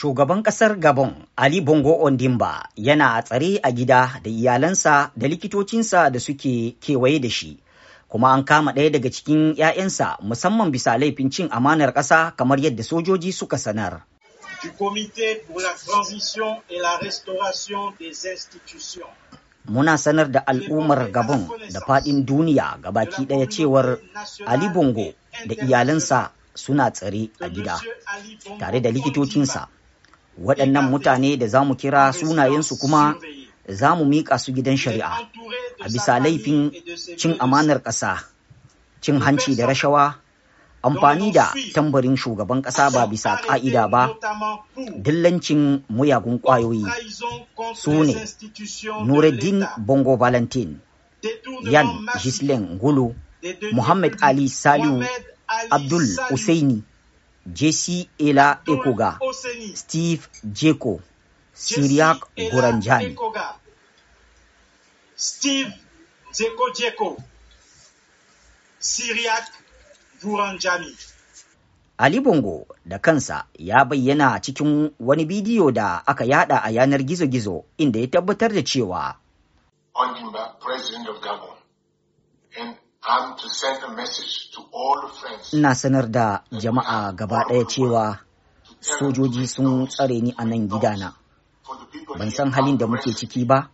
shugaban kasar Gabon Ali Bongo Ondimba yana a tsare a gida da iyalansa da likitocinsa da suke kewaye da shi. Kuma an kama ɗaya daga cikin 'ya'yansa musamman bisa laifin cin amanar ƙasa kamar yadda sojoji suka sanar. muna sanar da al'ummar gabon da fadin duniya ga baki ɗaya cewar ali bongo da iyalansa suna tsare a gida tare da likitocinsa waɗannan mutane da za mu kira sunayensu kuma za mu miƙa su gidan shari'a a bisa laifin cin amanar ƙasa cin hanci da rashawa amfani da tambarin shugaban ƙasa ba bisa ƙa'ida ba dillancin muyagun ƙwayoyi su ne nureddin bongo valentin yan gislin gulu muhammad ali saliu abdul usaini Jesse Ela Ekoga, Steve Jeko, Syriac Goranjani. Steve Jeko Jeko, Syriac Goranjani. Ali Bongo da kansa ya bayyana a cikin wani bidiyo da aka yada a yanar gizo-gizo inda ya tabbatar da cewa. Onyimba, President of Gabon, and Ina sanar da jama'a gaba ɗaya cewa sojoji sun tsare ni a nan gidana. Ban san halin da muke ciki ba,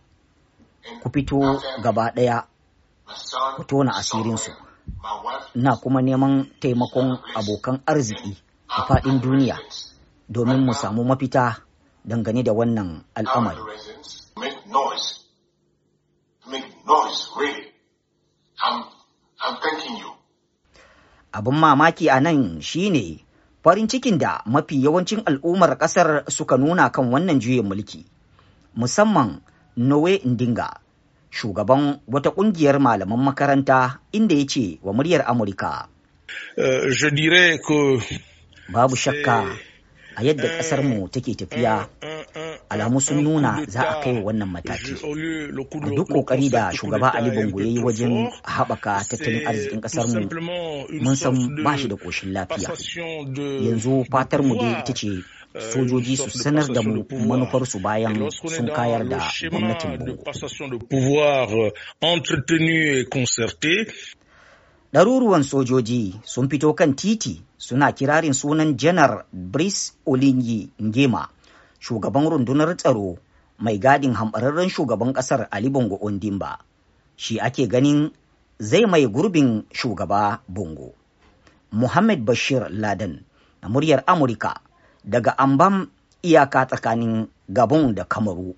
ku fito gaba ɗaya ku tona asirinsu. Ina kuma neman taimakon abokan arziki a faɗin duniya domin mu samu mafita dangane da wannan al'amari. Make noise. Make noise, really. Abin mamaki a nan shi ne farin cikin da mafi yawancin al'ummar ƙasar suka nuna kan wannan juyin mulki, musamman Nowe Ndinga, shugaban wata ƙungiyar malaman makaranta inda ya ce wa muryar Amurka. Uh, Babu shakka. a yadda kasar mu take tafiya alamu sun nuna za a kai wannan mataki a duk kokari da shugaba ali bongo ya yi wajen haɓaka tattalin arzikin kasar mu mun san ba shi da koshin lafiya yanzu fatar mu dai ita ce sojoji su sanar da mu su bayan sun kayar da gwamnatin bongo ɗaruruwan sojoji sun fito kan titi suna kirarin sunan janar brice olinyi ngema shugaban rundunar tsaro mai gadin hambararren shugaban ƙasar ali bongo ondimba shi ake ganin zai mai gurbin shugaba bongo muhammad bashir laden na muryar amurka daga ambam iyaka tsakanin gabon da kamaru